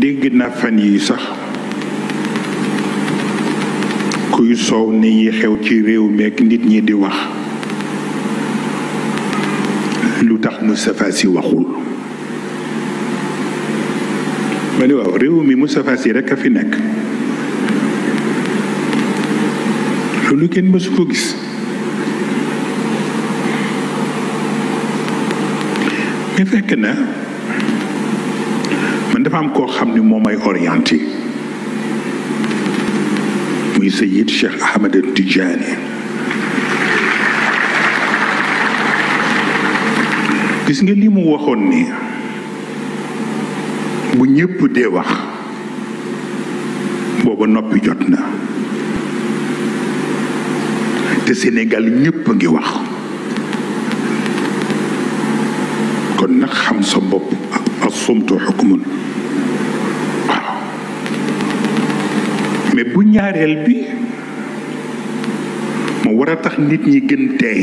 dégg na fan yi sax kuy soow ni yi xew ci réew meek nit ñi di wax lu tax mu Sy waxul ma ne waaw réew mi mu Sy rekk a fi nekk loolu kenn mësu ko gis mais fekk na man dafa am ko xamni momay orienté muy sayyid Cheikh Ahmed Tidiane gis nga li mu waxone ni bu ñëpp de wax bobu nopi jotna te Sénégal ñëpp ngi wax kon nag xam sa bopp ak sumtu xukmun mais bu ñaareel bi mu war a tax nit ñi gën teey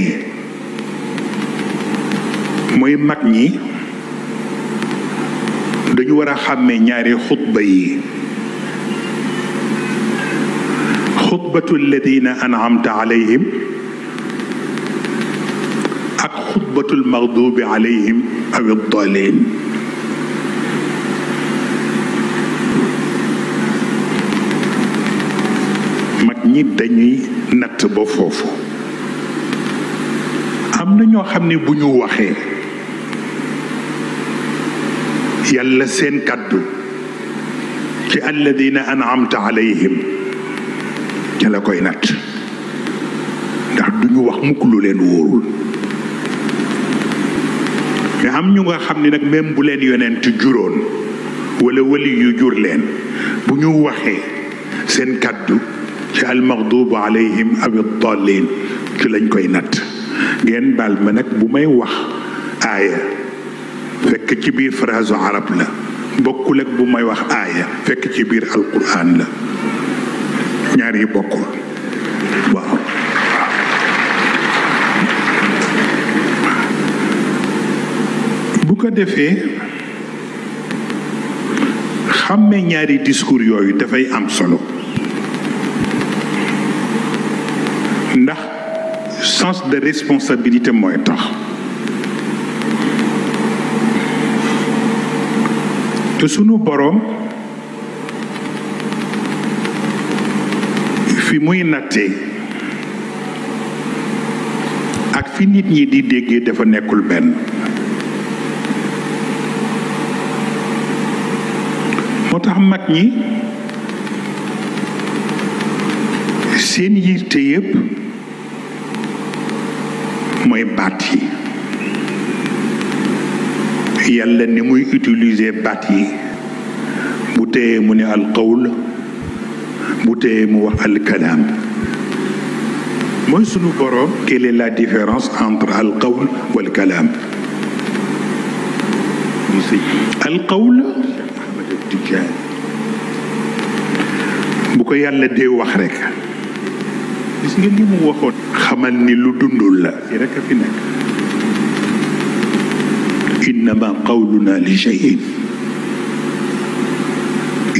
mooy mag ñi dañu war a xàmmee ñaari xutba yi xutbatu alladina anamta alayhim ak xutbatu almaxdubi alayhim aw addalin ñi dañuy natt ba foofu am na ñoo xam ne bu ñu waxee yàlla seen kàddu ci alladina an'amta alayhim ña la koy natt ndax du ñu wax mukk lu leen wóorul mais am ñu nga xam ne nag même bu leen yonent juróon wala wali yu jur leen bu ñu waxee seen kàddu ci al maghdub alayhim aw awi dallin ci lañ koy nat ngeen bal ma nak bu may wax aya fekk ci bir phrase arab la bokul ak bu may wax aya fekk ci bir al-quran la ñaar yi bokul waaw bu ko defee xàmmee ñaari discours yooyu dafay am solo ndax sens de responsabilité mooy tax te sunu boroom fi muy nattee ak fi nit ñi di déggee dafa nekkul benn moo tax mag ñi seen yitte yépp mooy baat yi yàlla ni muy utiliser baat yi bu téyee mu ne alqawl bu téyee mu wax alkalaam mooy sunu boroom quelle est la différence entre alqawl wal kalaam alqawl bu ko yàlla dee wax rek gis nga li mu waxoon xamal ni lu dundul la si rek a fi nekk innama qawluna li cheyin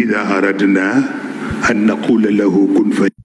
ida aradna an naqula lahu kun fa